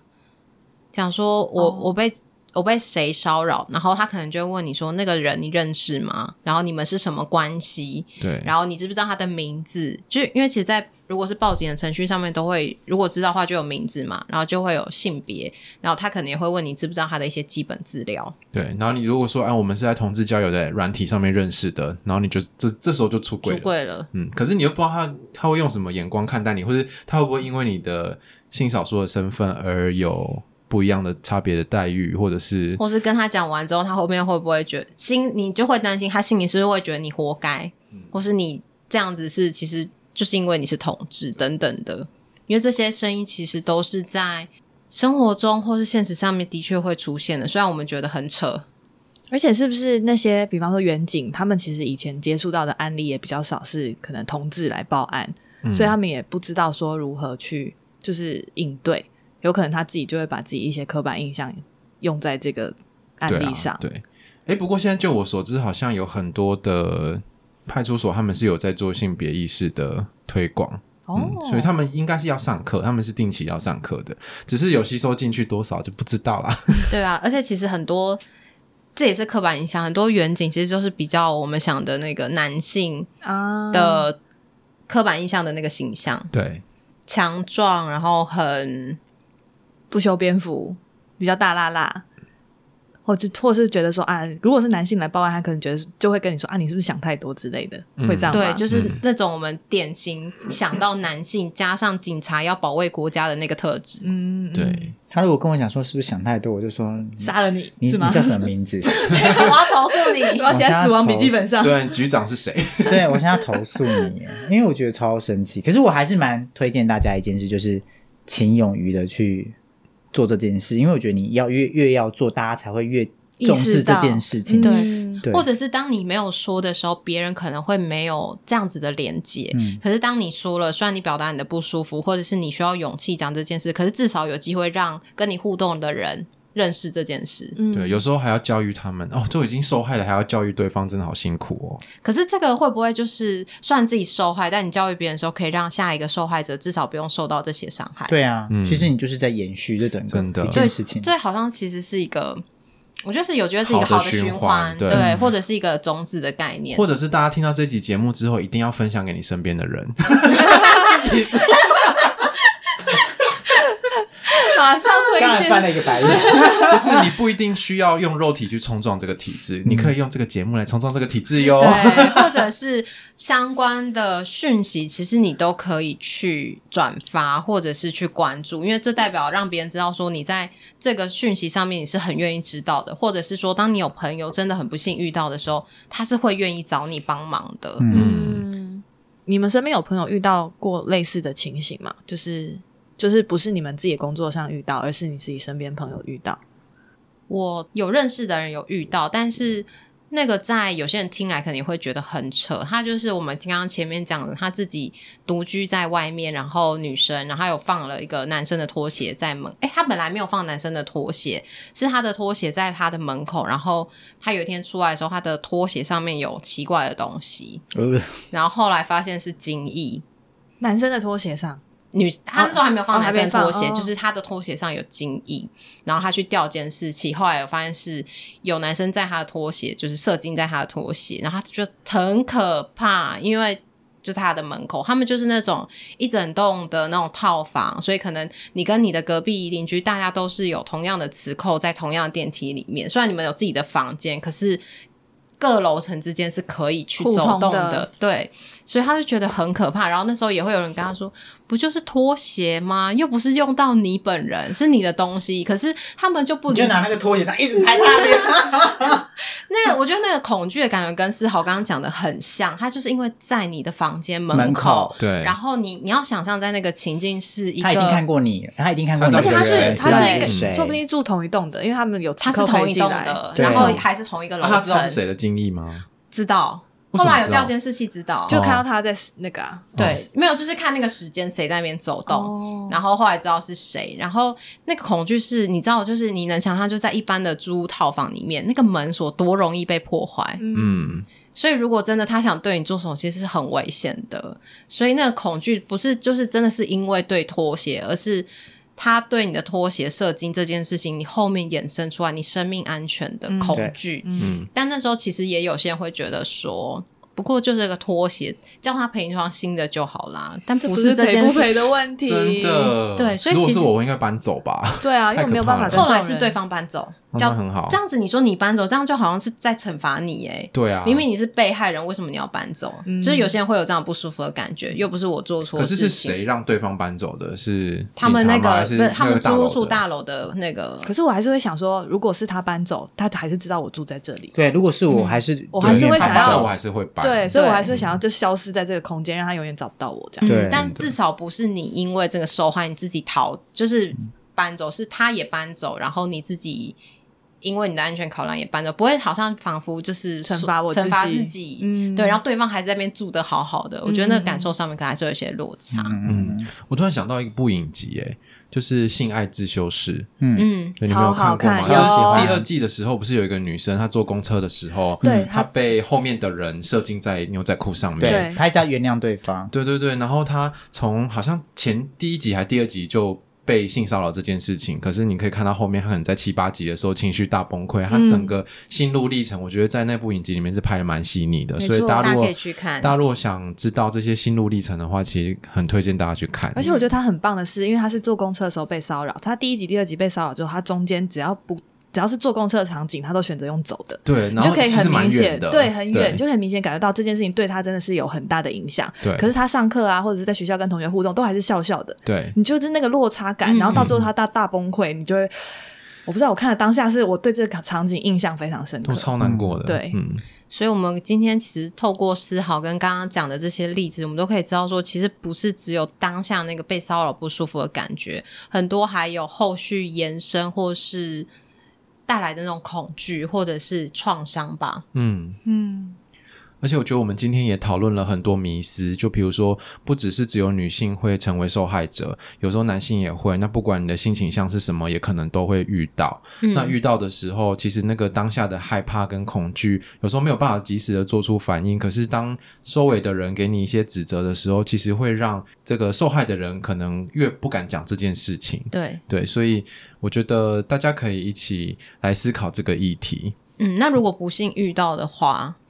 講說我、哦、我被我被誰騷擾，然後他可能就會問你說那個人你認識嗎？然後你們是什麼關係？對，然後你知不知道他的名字？就因為其實，在如果是報警的程序上面都會，如果知道的話就有名字嘛，然後就會有性別，然後他可能也會問你知不知道他的一些基本資料。對，然後你如果說，哎、啊，我們是在同志交友的軟體上面認識的，然後你就這這時候就出櫃了。出櫃了，嗯，可是你又不知道他他會用什麼眼光看待你，或是他會不會因為你的性少數的身份而有不一樣的差別的待遇，或者是，或是跟他講完之後，他後面會不會覺得心，你就會擔心他心裡是不是會覺得你活該，或是你這樣子是其實。就是因為你是同志等等的，因為這些聲音其實都是在生活中或是現實上面的確會出現的，雖然我們覺得很扯。而且是不是那些比方說員警，他們其實以前接觸到的案例也比較少，是可能同志來報案，嗯，所以他們也不知道說如何去就是應對，有可能他自己就會把自己一些刻板印象用在這個案例上。對、啊，哎、欸，不過現在就我所知，好像有很多的。派出所他們是有在做性別意識的推廣，哦、oh. 嗯，所以他們應該是要上課，他們是定期要上課的，只是有吸收進去多少就不知道啦。對啊，而且其實很多這也是刻板印象，很多員警其實都是比較我們想的那個男性啊的刻板印象的那個形象，對、uh.，強壯，然後很不修邊幅，比較大剌剌。或就或是覺得說啊，如果是男性來報案，他可能覺得就會跟你說啊，你是不是想太多之類的，嗯、會這樣。對，就是那種我們典型想到男性加上警察要保衛國家的那個特質。嗯，對。他如果跟我講說是不是想太多，我就說殺了你，你你叫什麼名字？我要投訴你， (laughs) 我要寫在死亡筆記本上。對，局長是誰？ (laughs) 對，我現在要投訴你，因為我覺得超神奇。可是我還是蠻推薦大家一件事，就是請勇於的去。做這件事，因為我覺得你要越越要做，大家才會越重視這件事情。對，或者是當你沒有說的時候，別人可能會沒有這樣子的連接。嗯，可是當你說了，雖然你表達你的不舒服，或者是你需要勇氣講這件事，可是至少有機會讓跟你互動的人認識這件事，對，有時候還要教育他們、嗯、哦，都已經受害了，還要教育對方，真的好辛苦哦。可是這個會不會就是算自己受害？但你教育別人的時候，可以讓下一個受害者至少不用受到這些傷害。對啊、嗯，其實你就是在延續這整個真的一件事情。這好像其實是一個，我覺得是有，覺得是，覺得是一個好的循環，對，對、嗯，或者是一個種子的概念，或者是大家聽到這集節目之後，一定要分享給你身邊的人。 (laughs) (laughs) 馬上推薦，剛才翻了一個白眼。就是你不一定需要用肉體去衝撞這個體質， (laughs) 你可以用這個節目來衝撞這個體質喲、嗯。對，或者是相關的訊息，其實你都可以去轉發，或者是去關注，因為這代表讓別人知道說，你在這個訊息上面你是很願意知道的，或者是說當你有朋友真的很不幸遇到的時候，他是會願意找你幫忙的。嗯，你們身邊有朋友遇到過類似的情形嗎？就是。就是不是你們自己工作上遇到，而是你自己身邊朋友遇到。我有認識的人有遇到，但是那個在有些人聽來肯定會覺得很扯。他就是我們剛剛前面講的，他自己獨居在外面，然後女生，然後又放了一個男生的拖鞋在門。哎，他本來沒有放男生的拖鞋，是他的拖鞋在他的門口。然後他有一天出來的時候，他的拖鞋上面有奇怪的東西。嗯、然後後來發現是精液男生的拖鞋上。女，她那時候還沒有放那邊拖鞋，哦哦、就是她的拖鞋上有精液、哦，然後她去調監視器，後來我發現是有男生在她的拖鞋，就是射精在她的拖鞋，然後她就很可怕，因為就在她的門口，他們就是那種一整棟的那種套房，所以可能你跟你的隔壁鄰居大家都是有同樣的磁扣在同樣的電梯裡面，雖然你們有自己的房間，可是各樓層之間是可以去走動的，的，對。所以他就覺得很可怕，然後那時候也會有人跟他說：“不就是拖鞋嗎？又不是用到你本人，是你的東西。”可是他們就不能，就拿那個拖鞋，他一直拍他臉。那個、 (laughs) (laughs) 那個、我覺得那個恐懼的感覺跟思豪剛剛講的很像，他就是因為在你的房間門，門口，對。然後你你要想象在那個情境是一個他一定看過你，他一定看過你，而且他是、嗯、他是，他是一個說不定住同一棟的，因為他們有他是同一棟的，然後還是同一個樓、啊、他知道是誰的經歷嗎？知道。後來有調監視器知道、哦，就看到他在那個、啊哦、對，沒有就是看那個時間誰在那邊走動，然後後來知道是誰。然後那個恐懼是你知道，就是你能想象就在一般的租屋套房裡面，那個門鎖多容易被破壞。嗯，所以如果真的他想對你做什麼，其實是很危險的。所以那個恐懼不是就是真的是因為對拖鞋，而是。他對你的拖鞋射精這件事情，你後面衍生出來你生命安全的恐懼。嗯，嗯，但那時候其實也有些人會覺得說。不過就是個拖鞋，叫他賠一雙新的就好啦。但不是賠不賠的問題， (laughs) 真的。對，所以其實如果是我，應該搬走吧？ (laughs) 對啊，因為我沒有辦法。後來是對方搬走，這樣，哦、很好。這樣子，你說你搬走，這樣就好像是在懲罰你誒、欸。對啊，明明你是被害人，為什麼你要搬走，嗯？所以有些人會有這樣不舒服的感覺。又不是我做錯，可是是誰讓對方搬走的是？是他們那個，不是，是他們租住大樓的那個。可是我還是會想說，如果是他搬走，他還是知道我住在這裡。嗯，對，如果是我，還是、嗯、我還是會想要，我還是會搬。對，所以我還是想要就消失在這個空間、嗯，讓他永遠找不到我這樣、嗯。但至少不是你因為這個受害，你自己逃就是搬走、嗯，是他也搬走，然後你自己因為你的安全考量也搬走，不會好像仿佛就是懲罰我懲罰自己，嗯，對，然後對方還是在那邊住得好好的、嗯，我覺得那個感受上面可能還是有些落差。嗯，我突然想到一個部影集哎就是性愛自修室，嗯嗯，你們有看過嗎？就是第二季的時候，不是有一個女生，她坐公車的時候，對，她被後面的人射精在牛仔褲上面，對，她一直在原諒對方，對對對，然後她從好像前第一集還是第二集就。被性騷擾這件事情，可是你可以看到後面，他可能在七八集的時候情緒大崩潰，嗯，他整個心路歷程，我覺得在那部影集裡面是拍得蠻細膩的，所以大家如果，大家可以去看，大家如果想知道這些心路歷程的話，其實很推薦大家去看。而且我覺得他很棒的是，因為他是坐公車的時候被騷擾，他第一集、第二集被騷擾之後，他中間只要不。只要是坐公車的場景，他都選擇用走的，對，你就可以很明顯的，對，很遠，就很明顯感覺到這件事情對他真的是有很大的影響。對，可是他上課啊，或者是在學校跟同學互動，都還是笑笑的。對，你就是那個落差感，嗯、然後到最後他大、嗯、大崩潰，你就會，我不知道，我看了當下是我對這個場景印象非常深刻，我超難過的。對，嗯，所以我們今天其實透過思豪跟剛剛講的這些例子，我們都可以知道說，其實不是只有當下那個被騷擾不舒服的感覺，很多還有後續延伸或是。帶來的那種恐懼或者是創傷吧。嗯嗯。而且我覺得我們今天也討論了很多迷思，就比如說，不只是只有女性會成為受害者，有時候男性也會。那不管你的性傾向是什麼，也可能都會遇到。嗯。那遇到的時候，其實那個當下的害怕跟恐懼，有時候沒有辦法及時的做出反應。可是當周圍的人給你一些指責的時候，其實會讓這個受害的人可能越不敢講這件事情。對對，所以我覺得大家可以一起來思考這個議題。嗯，那如果不幸遇到的話。嗯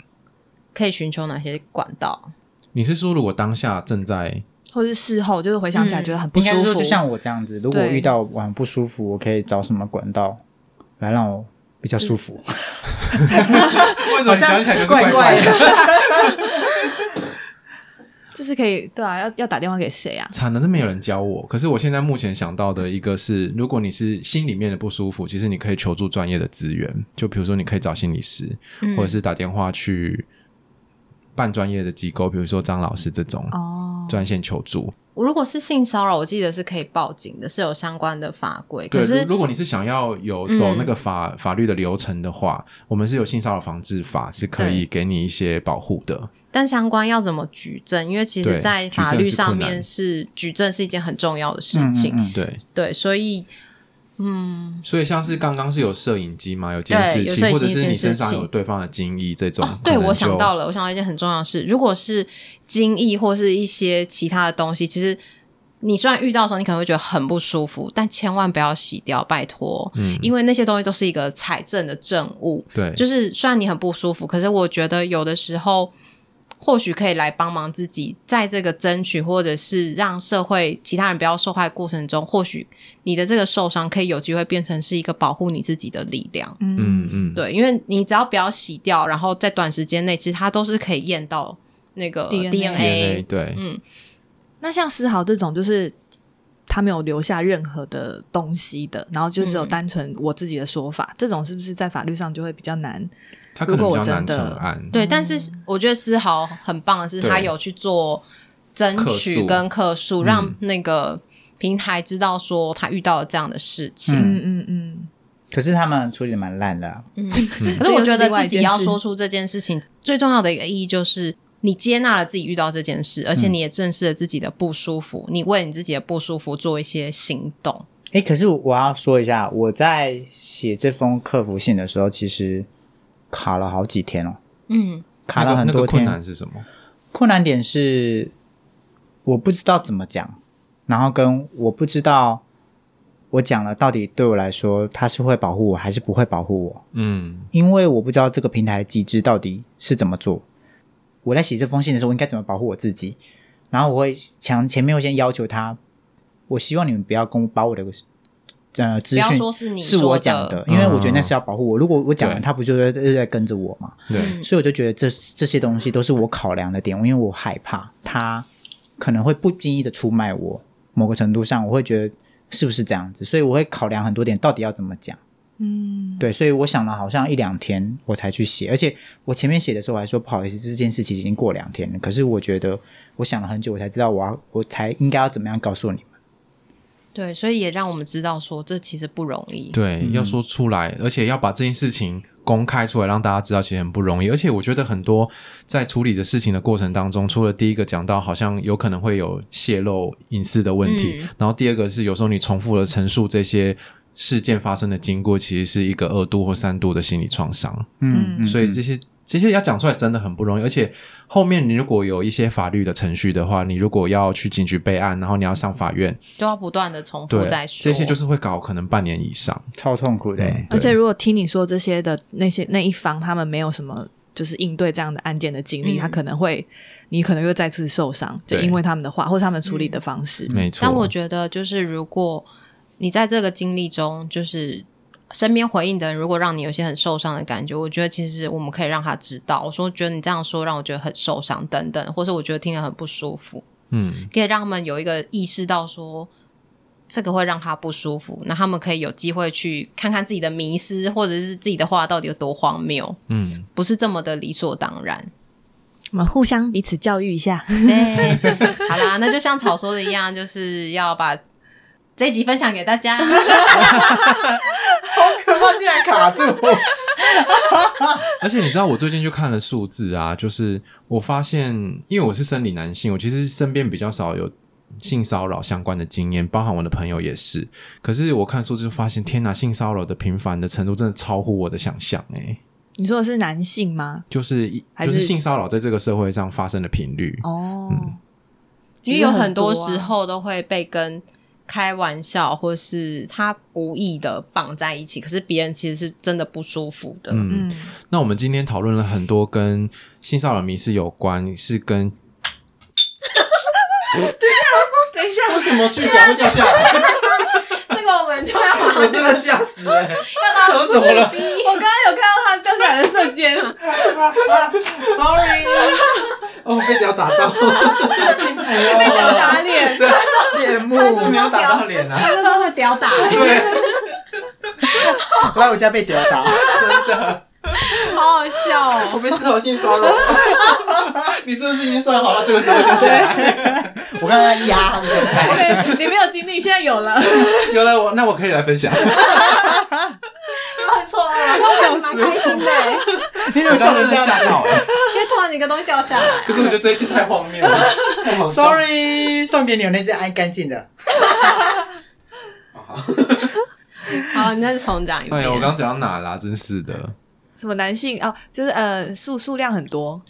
可以尋求哪些管道？你是說，如果當下正在，或是事後，就是回想起來覺得很不舒服，嗯、說就像我這樣子。如果遇到我很不舒服，我可以找什麼管道來讓我比較舒服？嗯、 (laughs) (laughs) 為什麼你想起來就是怪怪的？怪怪的 (laughs) 就是可以對啊，要要打電話給誰啊？慘的是沒有人教我。可是我現在目前想到的一個是，如果你是心裡面的不舒服，其實你可以求助專業的資源，就比如說你可以找心理師，嗯、或者是打電話去。半專業的機構，比如說張老師這種哦，專、oh. 線求助。我如果是性騷擾，我記得是可以報警的，是有相關的法規。對，可是如果你是想要有走那個法、嗯、法律的流程的話，我們是有性騷擾防治法，是可以給你一些保護的。但相關要怎麼舉證？因為其實，在法律上面是舉證是，是一件很重要的事情。嗯嗯嗯，對對，所以。嗯，所以像是剛剛是有攝影機嘛，有監視器，或者是你身上有對方的精液這種，哦、對我想到了，我想到一件很重要的事，如果是精液或是一些其他的東西，其實你雖然遇到的時候，你可能會覺得很不舒服，但千萬不要洗掉，拜托，嗯，因為那些東西都是一個採證的證物，對，就是雖然你很不舒服，可是我覺得有的時候。或許可以來幫忙自己在這個爭取，或者是讓社會其他人不要受害的過程中，或許你的這個受傷可以有機會變成是一個保護你自己的力量。嗯嗯，對嗯，因為你只要不要洗掉，然後在短時間內，其實它都是可以驗到那個 DNA。DNA，對，嗯。那像思豪這種，就是他沒有留下任何的東西的，然後就只有單純我自己的說法，嗯，這種是不是在法律上就會比較難？他可能比較難成案，對，但是我覺得思豪很棒的是，他有去做爭取跟客訴，讓那個平台知道說他遇到了這樣的事情。嗯嗯嗯，嗯。可是他們處理蠻爛的啊。嗯，可是我覺得自己要說出這件事情最重要的一個意義，就是你接納了自己遇到這件事，而且你也正視了自己的不舒服，你為你自己的不舒服做一些行動。哎，欸，可是我要說一下，我在寫這封客服信的時候，其實。卡了好幾天了，嗯，卡了很多天。那個那個、困難是什麼？困難點是我不知道怎麼講，然後跟我不知道我講了到底對我來說，他是會保護我還是不會保護我？嗯，因為我不知道這個平台的機制到底是怎麼做。我在寫這封信的時候，我應該怎麼保護我自己？然後我會前前面我先要求他，我希望你們不要跟我把我的呃，資訊是我講的，不要說是你說的，因為我覺得那是要保護我。嗯嗯嗯。如果我講了，他不就又在跟着我嘛？對，所以我就覺得這這些東西都是我考量的點，因為我害怕他可能會不經意的出賣我。某個程度上，我會覺得是不是這樣子？所以我會考量很多點，到底要怎麼講？嗯，對。所以我想了好像一兩天，我才去寫。而且我前面寫的時候，我還說不好意思，這件事情已經過兩天了。可是我覺得我想了很久，我才知道我要我才應該要怎麼樣告訴你。對，所以也讓我們知道說，這其實不容易。對，嗯、要說出來，而且要把這件事情公開出來讓大家知道，其實很不容易。而且我覺得很多在處理的事情的過程當中，除了第一個講到好像有可能會有泄露隱私的問題，嗯、然後第二個是有時候你重複的陳述這些事件發生的經過，嗯，其實是一個二度或三度的心理創傷。嗯，所以這些。其實要講出來真的很不容易，而且後面你如果有一些法律的程序的話，你如果要去警局備案，然後你要上法院，都要不斷的重複再說。這些就是會搞可能半年以上，超痛苦的，嗯對。而且如果聽你說這些的那些那一方，他們沒有什麼就是應對這樣的案件的經歷，嗯、他可能會你可能又再次受傷，就因為他們的話或是他們處理的方式。嗯。沒錯。但我覺得就是如果你在這個經歷中就是。身邊回應的人，如果讓你有些很受傷的感覺，我覺得其實我們可以讓他知道，我說我覺得你這樣說讓我覺得很受傷，等等，或是我覺得聽得很不舒服，嗯，可以讓他們有一個意識到說這個會讓他不舒服，那他們可以有機會去看看自己的迷思，或者是自己的話到底有多荒謬，嗯，不是這麼的理所當然。我們互相彼此教育一下，對 (laughs) 好啦，那就像草說的一樣，就是要把。這一集分享給大家。 (laughs) 好可怕，他竟然卡住！ (laughs) 而且你知道，我最近就看了數字啊，就是我發現，因為我是生理男性，我其實身邊比較少有性騷擾相關的經驗，包含我的朋友也是。可是我看數字就發現，天哪、啊，性騷擾的頻繁的程度真的超乎我的想象哎、欸！你說的是男性嗎？就是一，就是性騷擾在這個社會上發生的頻率哦，嗯，其實有很多時候都會被跟。開玩笑，或是他無意，的綁在一起，可是別人其實是真的不舒服的。嗯，嗯，那我們今天討論了很多跟性騷擾、迷思有關，是跟……對啊，等一下，為什麼劇本會掉下來？ (laughs) (laughs) 我真的嚇死、欸！怎 (laughs) 麼、欸、走，走了？我剛剛有看到他掉下來的瞬間、啊。s o r r y 哦，Sorry oh, 被屌打到。 (laughs) 被屌打臉。羨 (laughs) 慕。羨慕羨慕沒有打到臉啊！都是他屌打。 (laughs) 對 (laughs) 來我家被屌打， (laughs) 真的。好好笑哦！我被石頭信刷了。 (laughs) 你是不是已經算好了 (laughs) 這個時候掉下來？ (laughs) 我剛剛壓他們，就是你沒有經歷，現在有了， (laughs) 有了我，那我可以來分享。沒有錯啊，我蠻開心的。 (laughs) 你怎麼笑剛剛的這樣子？ (laughs) 因為突然一個東西掉下來、啊。 (laughs) 可是我覺得這一切太荒謬了， (laughs) 太搞笑 Sorry，上邊有那只愛乾淨的。好， (laughs) (laughs) (laughs) (laughs) 好，你再重講一遍、哎。我剛剛講到哪啦？真是的。什麼男性？哦，就是呃，數數量很多。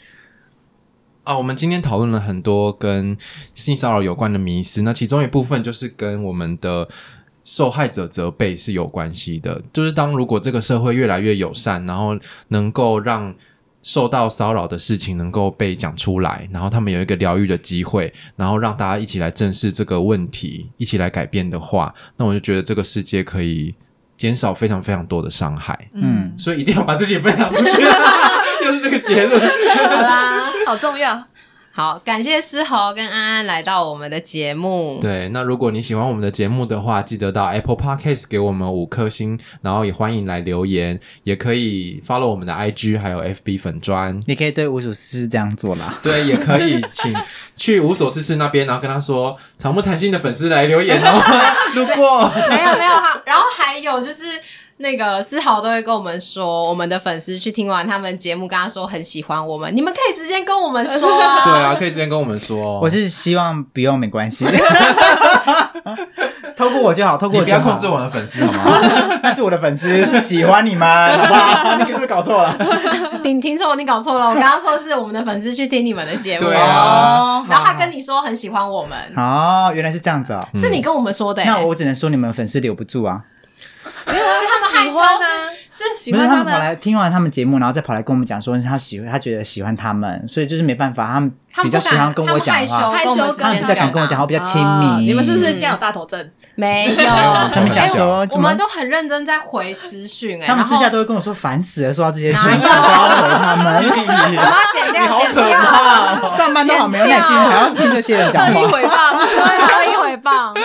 啊，我們今天討論了很多跟性騷擾有關的迷思，那其中一部分就是跟我們的受害者責備是有關係的。就是當如果這個社會越來越友善，然後能夠讓受到騷擾的事情能夠被講出來，然後他們有一個療癒的機會，然後讓大家一起來正視這個問題，一起來改變的話，那我就覺得這個世界可以減少非常非常多的傷害，嗯，所以一定要把這些分享出去。啊， (laughs) 又是這個結論， (laughs) 好啦，好重要。好，感謝思豪跟安安來到我們的節目。對，那如果你喜歡我們的節目的話，記得到 Apple Podcast 給我們五顆星，然後也歡迎來留言，也可以 follow 我們的 IG，還有 FB 粉專。你可以對無所試試這樣做啦，對，也可以請去無所試試那邊，然後跟他說草木談心的粉絲來留言哦、喔。 (laughs) 如果沒有沒有哈，然後還有就是。那個思豪都會跟我們說，我們的粉絲去聽完他們節目，跟他說很喜歡我們。你們可以直接跟我們說啊， (laughs) 對啊，可以直接跟我們說、哦。我是希望不用沒關係、 (laughs) 啊，透過我就好，透過我就好，你不要控制我的粉絲好嗎？那 (laughs) (laughs) (laughs) 是我的粉絲，是喜歡你們，好不好 (laughs) (laughs) 你是不是搞錯了？你 (laughs) 聽，聽錯，你搞錯了。我剛剛說是我們的粉絲去聽你們的節目， (laughs) 對啊。然後他跟你說很喜歡我們，哦，原來是這樣子啊、哦嗯，是你跟我們說的。那我只能說你們粉絲留不住啊。 (laughs) 是他們害羞、啊，是是喜歡他們。他們跑來聽完他們節目，然後再跑來跟我們講說他喜，他覺得喜歡他們，所以就是沒辦法，他們比較喜歡跟我講話，他們比較敢跟我講話，話，比較親密、哦。你們是不是這樣有大頭症？嗯沒有，沒有，他們講說、欸，我們都很認真在回私訊哎、欸，他們私下都會跟我說煩死了，收到這些訊息，都要回他們，我媽剪掉，好可怕，上班都好沒有耐心，還要聽這些人講話，一意回放，惡一回放，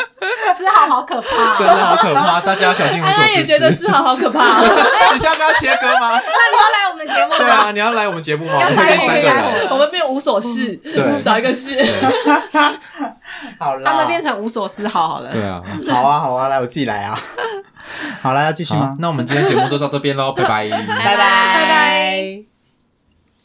思豪 (laughs) 好，好可怕， (laughs) 好，好可怕，大家小心。我也覺得思豪好可怕， (laughs) 好好可怕 (laughs) (laughs) (laughs) 你下不要切歌嗎？ (laughs) 那你要來。 (laughs) (laughs) 對啊，你要來我們節目嗎？要來也可以啊， (laughs) 我們變無所試，找一個試。哈哈哈好了，他們變成無所試好，好了。對啊，好啊，好啊，來，我自己來啊。 (laughs) 好了，要繼續嗎？啊？那我們今天節目就到這邊嘍， (laughs) 拜拜，拜拜，拜拜。